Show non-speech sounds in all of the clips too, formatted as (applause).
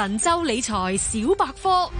神州理財小百科，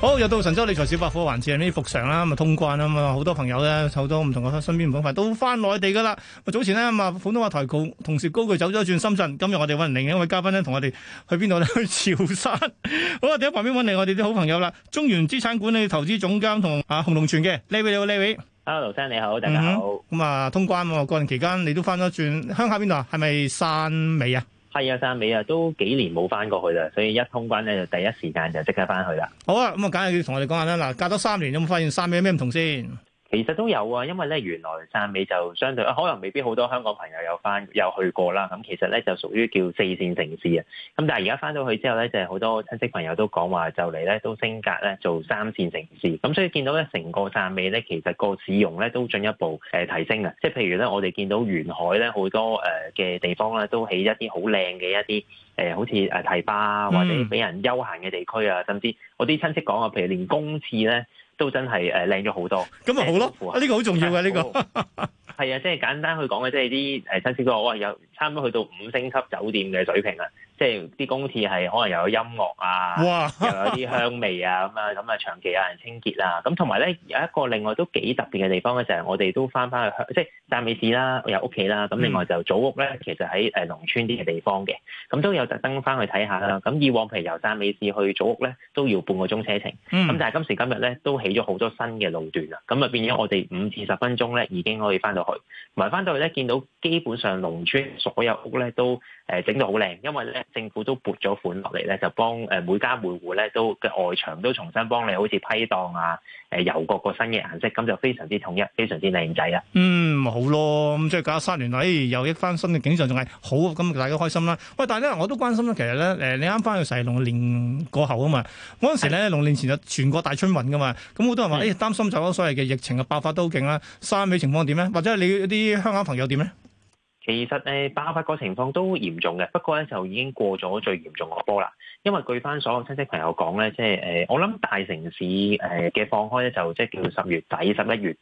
好，又到神州理財小百科環節，呢復常啦，咁啊通關啦，咁好多朋友咧，好多唔同個身邊股份，都翻內地噶啦。早前呢，咁啊普通話台同同事高舉走咗一轉深圳，今日我哋揾另一位嘉賓咧，同我哋去邊度咧？去潮汕。好啊，喺旁邊揾嚟我哋啲好朋友啦，中原資產管理投資總監同阿洪龍荃嘅 Lenny 你好，Lenny，阿盧生你好，Hello, 大家好。咁啊、嗯、通關，過段期間你都翻咗轉，鄉下邊度啊？係咪汕尾啊？係啊，三尾啊，都幾年冇翻過去啦，所以一通關咧就第一時間就即刻翻去啦。好啊，咁啊梗係要同我哋講下啦。嗱，隔咗三年有冇發現三尾有咩唔同先？其實都有啊，因為咧原來汕尾就相對，可能未必好多香港朋友有翻有去過啦。咁其實咧就屬於叫四線城市啊。咁但係而家翻到去之後咧，就係好多親戚朋友都講話就嚟咧都升格咧做三線城市。咁所以見到咧成個汕尾咧，其實個市容咧都進一步誒提升啊。即係譬如咧，我哋見到沿海咧好多誒嘅地方咧都起一啲好靚嘅一啲誒，好似誒堤壩或者俾人休閒嘅地區啊。甚至我啲親戚講啊，譬如連公廁咧。都真係誒靚咗好多，咁咪好咯？呢、嗯啊、個好重要嘅呢個係啊，即、就、係、是、簡單去講嘅，即係啲誒新鮮哥，哇、呃，有差唔多去到五星級酒店嘅水平啊！即係啲公廁係可能又有音樂啊，哇又有啲香味啊，咁啊，咁啊長期有人清潔啊，咁同埋咧有一個另外都幾特別嘅地方咧，就係我哋都翻翻去，去即係汕尾市啦，有屋企啦，咁另外就祖屋咧，其實喺誒農村啲嘅地方嘅，咁都有特登翻去睇下啦。咁以往譬如由汕尾市去祖屋咧，都要半個鐘車程，咁、嗯、但係今時今日咧，都起咗好多新嘅路段啦，咁啊變咗我哋五至十分鐘咧已經可以翻到去，同埋翻到去咧，見到基本上農村所有屋咧都誒整到好靚，因為咧。政府都撥咗款落嚟咧，就幫誒每家每戶咧都嘅外牆都重新幫你好似批檔啊，誒油個個新嘅顏色，咁就非常之統一，非常之靚仔啊！嗯，好咯，咁即係搞咗三年，又一翻新嘅景象，仲係好，咁大家開心啦。喂，但係咧，我都關心啦。其實咧，誒你啱翻去成龍年過後啊嘛，嗰陣時咧，龍年前就全國大春運噶嘛，咁好多人話誒、哎、擔心就係所謂嘅疫情嘅爆發都好勁啦，汕尾情況點咧？或者你啲香港朋友點咧？其實咧，爆發嗰情況都嚴重嘅，不過咧就已經過咗最嚴重個波啦。因為據翻所有親戚朋友講咧，即係誒，我諗大城市誒嘅放開咧就即係叫十月底、十一月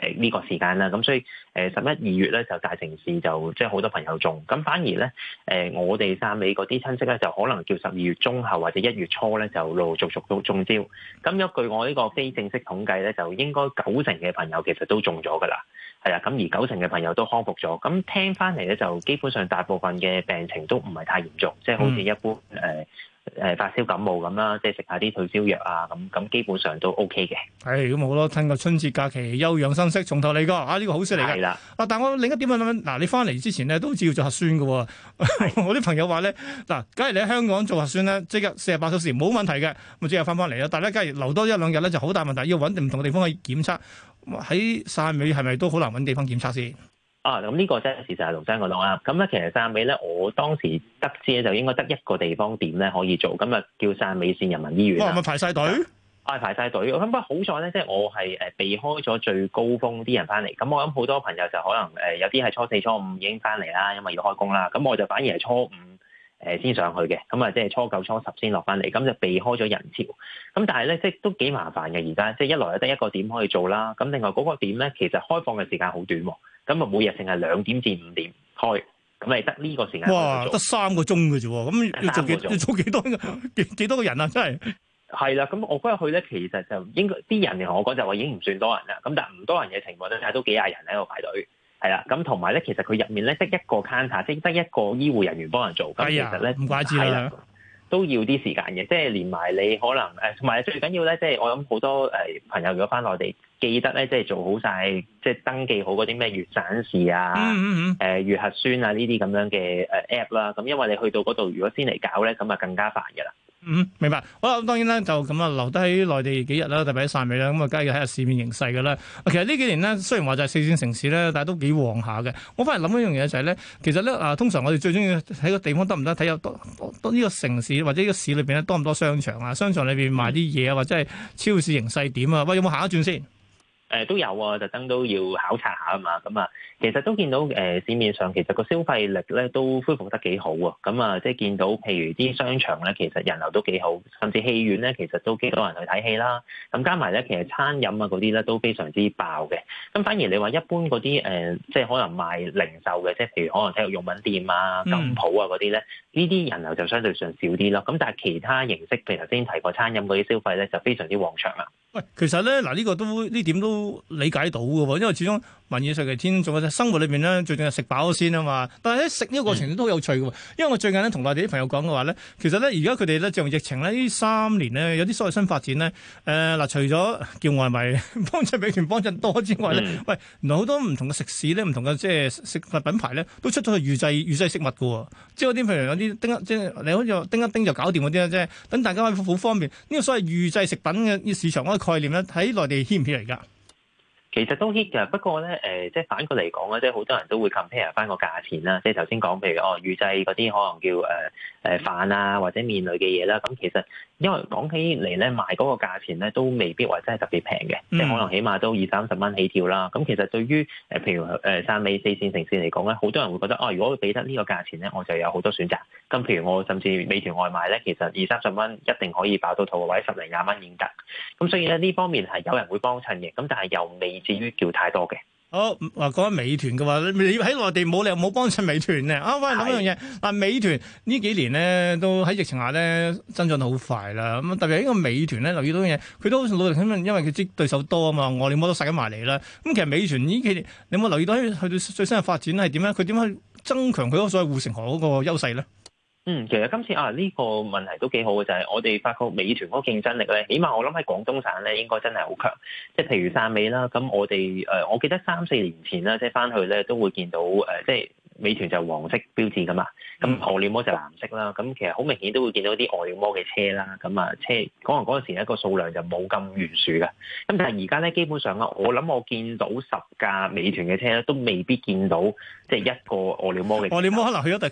誒呢個時間啦。咁所以誒十一二月咧就大城市就即係好多朋友中，咁反而咧誒我哋汕尾嗰啲親戚咧就可能叫十二月中後或者一月初咧就陸陸續續都中招。咁根據我呢個非正式統計咧，就應該九成嘅朋友其實都中咗㗎啦。係啦，咁而九成嘅朋友都康復咗。咁聽翻嚟咧，就基本上大部分嘅病情都唔係太嚴重，即係好似一般誒誒、呃、發燒感冒咁啦，即係食下啲退燒藥啊，咁咁基本上都 OK 嘅。係、哎，咁好咯，趁個春節假期休養生息，從頭嚟過啊！呢個好犀利嘅。啦，啊，這個、的但我另一點啊，嗱，你翻嚟之前咧都要做核酸嘅喎。的 (laughs) 我啲朋友話咧，嗱，假如你喺香港做核酸咧，即刻四十八小時冇問題嘅，咪即刻翻翻嚟啦。但係假如留多一兩日咧，就好大問題，要揾定唔同嘅地方去檢測。喺汕尾係咪都好難揾地方檢測先？啊，咁呢個真係事實係龍山嗰度啊！咁咧其實汕尾咧，我當時得知咧就應該得一個地方點咧可以做，咁啊叫汕尾縣人民醫院咪、啊、排晒隊？啊，排晒隊。咁不過好在咧，即係我係誒避開咗最高峰啲人翻嚟。咁我諗好多朋友就可能誒有啲係初四初五已經翻嚟啦，因為要開工啦。咁我就反而係初五。誒先上去嘅，咁啊即係初九、初十先落翻嚟，咁就避開咗人潮。咁但係咧，即係都幾麻煩嘅而家，即係一來得一個點可以做啦，咁另外嗰個點咧，其實開放嘅時間好短喎，咁啊每日淨係兩點至五點開，咁係得呢個時間。哇！得三個鐘嘅啫喎，咁做幾做多？做幾多個？幾多人啊？真係係啦，咁我嗰日去咧，其實就應該啲人嚟同我講就話已經唔算多人啦，咁但係唔多人嘅情況都係都幾廿人喺度排隊。係啦，咁同埋咧，其實佢入面咧，得一個 counter，即得一個醫護人員幫人做。咁、哎、呀其係啊，唔怪之啦，的都要啲時間嘅，即係連埋你可能誒，同埋最緊要咧，即係我諗好多誒朋友如果翻內地，記得咧，即係做好晒，即係登記好嗰啲咩粵省事啊，誒粵、嗯嗯嗯呃、核酸啊呢啲咁樣嘅誒 app 啦。咁因為你去到嗰度，如果先嚟搞咧，咁啊更加煩噶啦。嗯，明白。好啦，當然咧就咁啊，留低喺內地幾日啦，特別喺汕尾啦，咁啊，梗係要睇下市面形勢嘅啦。其實呢幾年咧，雖然話就係四線城市咧，但係都幾旺下嘅。我反而諗一樣嘢就係咧，其實咧啊，通常我哋最中意睇個地方得唔得，睇有多多呢個城市或者呢個市裏邊咧多唔多商場啊，商場裏邊賣啲嘢啊，或者係超市形勢點啊。喂，有冇行一轉先？誒都有啊，特登都要考察下啊嘛，咁、嗯、啊，其實都見到誒、呃、市面上其實個消費力咧都恢復得幾好啊。咁、嗯、啊，即、嗯、係見到譬如啲商場咧，其實人流都幾好，甚至戲院咧，其實都幾多人去睇戲啦。咁、嗯、加埋咧，其實餐飲啊嗰啲咧都非常之爆嘅。咁反而你話一般嗰啲誒，即係可能賣零售嘅，即係譬如可能體育用品店啊、金鋪啊嗰啲咧，呢啲人流就相對上少啲咯。咁但係其他形式，譬如頭先提過餐飲嗰啲消費咧，就非常之旺場啦、啊。喂，其實咧嗱，呢個都呢點都，都理解到噶，因為始終。民以食為天，仲有生活裏邊呢，最重要食飽先啊嘛！但係喺食呢個過程都好有趣嘅，嗯、因為我最近呢，同內地啲朋友講嘅話咧，其實咧而家佢哋咧，就疫情呢，呢三年呢，有啲所謂新發展咧，誒、呃、嗱，除咗叫外賣幫襯美團幫襯多之外咧，喂、嗯，原來好多唔同嘅食肆咧，唔同嘅即係食物品牌咧，都出咗去預製預製食物嘅喎，即係嗰啲譬如有啲叮一即係你好似叮一叮就搞掂嗰啲咧，即係等大家可以好方便呢、這個所謂預製食品嘅市場嗰個概念咧，喺內地牽唔牽嚟噶？其實都 hit 㗎，不過咧，誒、呃，即係反過嚟講咧，即係好多人都會 compare 返個價錢啦。即係頭先講，譬如哦，預製嗰啲可能叫誒誒、呃、飯啊，或者麵類嘅嘢啦，咁、啊、其實。因為講起嚟咧，賣嗰個價錢咧都未必話真係特別平嘅，即係、嗯、可能起碼都二三十蚊起跳啦。咁其實對於誒譬如誒三、尾四線城市嚟講咧，好多人會覺得哦，如果俾得呢個價錢咧，我就有好多選擇。咁譬如我甚至美團外賣咧，其實二三十蚊一定可以爆到肚，或者十零廿蚊已經得。咁所以咧，呢方面係有人會幫襯嘅，咁但係又未至於叫太多嘅。好話講緊美團嘅話，你喺內地冇理由冇幫襯美團咧。啊，喂，諗一樣嘢，但美團呢的、啊、美團幾年咧都喺疫情下咧增長得好快啦。咁特別係呢個美團咧，留意到嘢，佢都好似努力，因為佢知對手多啊嘛，我哋冇得殺緊埋嚟啦。咁、嗯、其實美團呢幾年，你有冇留意到喺佢最新嘅發展係點樣？佢點樣去增強佢個所謂護城河嗰個優勢咧？嗯，其實今次啊呢個問題都幾好嘅，就係、是、我哋發覺美團嗰競爭力咧，起碼我諗喺廣東省咧應該真係好強，即係譬如汕尾啦，咁我哋誒、呃，我記得三四年前啦，即係翻去咧都會見到誒、呃，即係。美團就黃色標誌噶嘛，咁餓了麼就藍色啦，咁其實好明顯都會見到啲餓了麼嘅車啦，咁啊車嗰陣嗰陣時一個數量就冇咁懸殊噶，咁但係而家咧基本上啊，我諗我見到十架美團嘅車咧，都未必見到即係一個餓了麼嘅車。餓了麼可能去咗特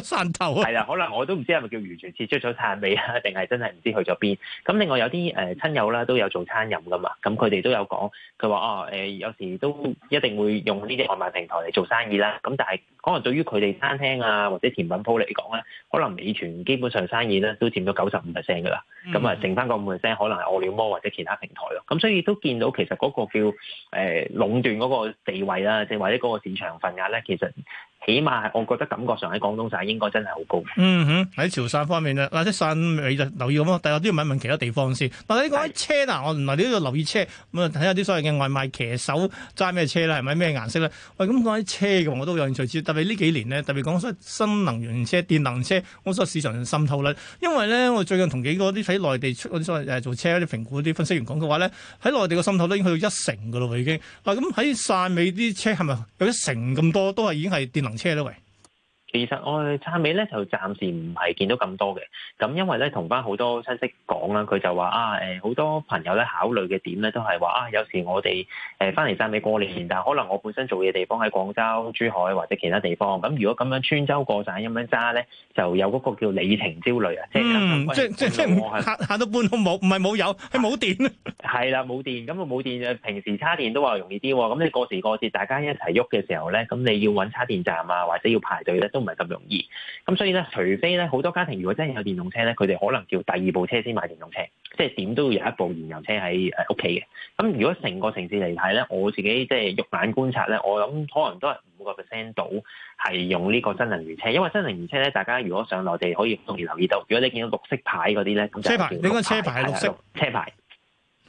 其山頭啊，係啊，可能我都唔知係咪叫完全撤出咗汕尾啊，定係真係唔知去咗邊？咁另外有啲誒親友啦都有做餐飲噶嘛，咁佢哋都有講，佢話哦誒、呃、有時都一定會用呢啲外賣平台嚟做生意啦，咁但係嗰。對於佢哋餐廳啊或者甜品鋪嚟講咧，可能美團基本上生意咧都佔到九十五 percent 嘅啦，咁啊、mm hmm. 剩翻個五 percent 可能係餓了麼或者其他平台咯，咁所以都見到其實嗰個叫誒、呃、壟斷嗰個地位啦，即係或者嗰個市場份額咧，其實。起碼我覺得感覺上喺廣東省應該真係好高。嗯哼，喺潮汕方面呢，嗱即汕尾就留意咁咯，但係都要問一問其他地方先。但嗱，你講啲車嗱，我原來你都要留意車咁啊，睇下啲所謂嘅外賣騎手揸咩車啦，係咪咩顏色咧？喂，咁講啲車嘅話，我都有興趣知。特別呢幾年呢，特別講新能源車、電能車，我所市場滲透率，因為咧，我最近同幾嗰啲喺內地出嗰啲所謂誒做車嗰啲評估啲分析員講嘅話咧，喺內地嘅滲透率都已經去到一成嘅咯，已經。嗱，咁喺汕尾啲車係咪有一成咁多都係已經係電？行車咯喂！其實我去汕尾咧，就暫時唔係見到咁多嘅。咁因為咧，同翻好多親戚講啦，佢就話啊，誒好多朋友咧考慮嘅點咧，都係話啊，有時我哋誒翻嚟汕尾過年，但係可能我本身做嘢地方喺廣州、珠海或者其他地方。咁如果咁樣穿州過省咁樣揸咧，就有嗰個叫里程焦慮啊。嗯，即即即下下到半空冇，唔係冇有，係冇電啦。係啦，冇電。咁啊冇電誒，平時叉電都話容易啲喎。咁你過時過節大家一齊喐嘅時候咧，咁你要揾叉電站啊，或者要排隊咧都唔係咁容易，咁所以咧，除非咧，好多家庭如果真係有電動車咧，佢哋可能叫第二部車先買電動車，即係點都要有一部燃油車喺誒屋企嘅。咁如果成個城市嚟睇咧，我自己即係肉眼觀察咧，我諗可能都係五個 percent 度係用呢個新能源車，因為新能源車咧，大家如果上內地可以容易留意到，如果你見到綠色牌嗰啲咧，咁車牌應該車牌係綠色，哎、綠色車牌。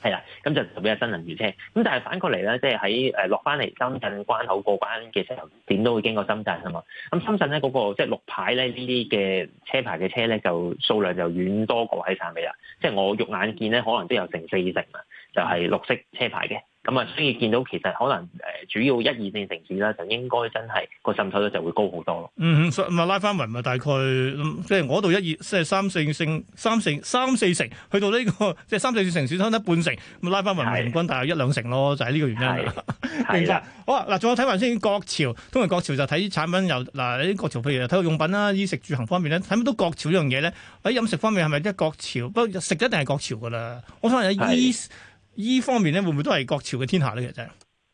係啦，咁就比較新能源車。咁但係反過嚟咧，即係喺誒落翻嚟深圳關口過關嘅時候，點都會經過深圳啊嘛。咁深圳咧、那、嗰個即係、就是、綠牌咧呢啲嘅車牌嘅車咧，就數量就遠多過喺汕尾啊。即、就、係、是、我肉眼見咧，可能都有成四成啊，就係綠色車牌嘅。咁啊、嗯，所以見到其實可能誒主要一、二線城市咧，就應該真係個滲透率就會高好多咯。嗯哼，咁啊拉翻勻咪大概，即係我度一二、二即係三四成，三四三四成去到呢個即係三四線城市得得半成，咁拉翻勻咪平均大約一兩成咯，就係、是、呢個原因啦。係啦， (laughs) 好啊，嗱，再睇埋先國潮，通常國潮就睇產品又嗱啲國潮，譬如體育用品啦、衣食住行方面咧，睇唔到國潮一樣嘢咧。喺飲食方面係咪即係國潮？不過食一定係國潮㗎啦。我想問下、e ast, 呢方面咧，會唔會都係國潮嘅天下咧？其實。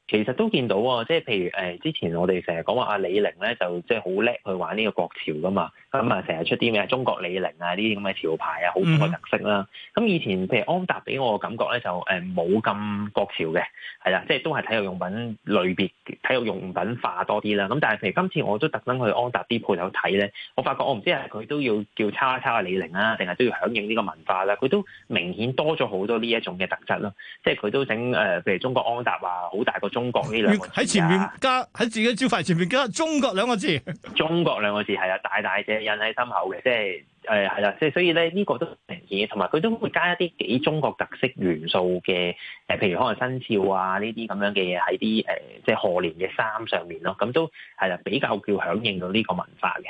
其實都見到喎，即係譬如誒之前我哋成日講話阿李寧咧，就即係好叻去玩呢個國潮噶嘛，咁啊成日出啲咩中國李寧啊呢啲咁嘅潮牌啊，好多特色啦。咁、嗯、以前譬如安踏俾我嘅感覺咧，就誒冇咁國潮嘅，係啦，即係都係體育用品類別體育用品化多啲啦。咁但係譬如今次我都特登去安踏啲鋪頭睇咧，我發覺我唔知係佢都要叫抄一抄阿李寧啊，定係都要響應呢個文化啦，佢都明顯多咗好多呢一種嘅特質咯，即係佢都整誒、呃、譬如中國安踏啊，好大個。中國呢兩喺前面，加喺自己招牌前面，加中國兩個字， (laughs) 中國兩個字係啊，大大隻印喺心口嘅，即係誒係啦，即係所以咧呢個都明顯嘅，同埋佢都會加一啲幾中國特色元素嘅誒，譬如可能生肖啊呢啲咁樣嘅嘢喺啲誒即係賀年嘅衫上面咯，咁、嗯、都係啦，比較叫響應到呢個文化嘅。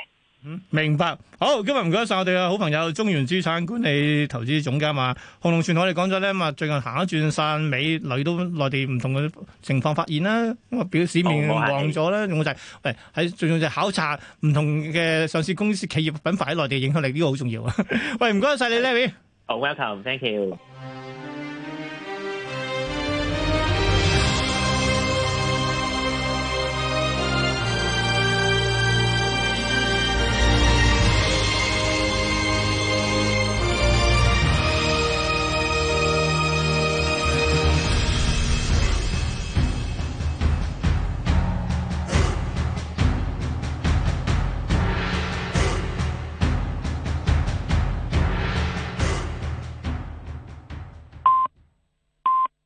明白，好，今日唔該晒我哋嘅好朋友中原資產管理投資總監嘛，洪龍荃，我哋講咗咧嘛，最近行咗轉潮汕，嚟到內地唔同嘅情況發現啦，咁啊，表示市面旺咗啦。仲就係，誒，係最重要就係考察唔同嘅上市公司企業品牌喺內地影響力，呢、這個好重要啊，喂 (laughs) 你，唔該晒你，Lenny，、oh, 好，welcome，thank you。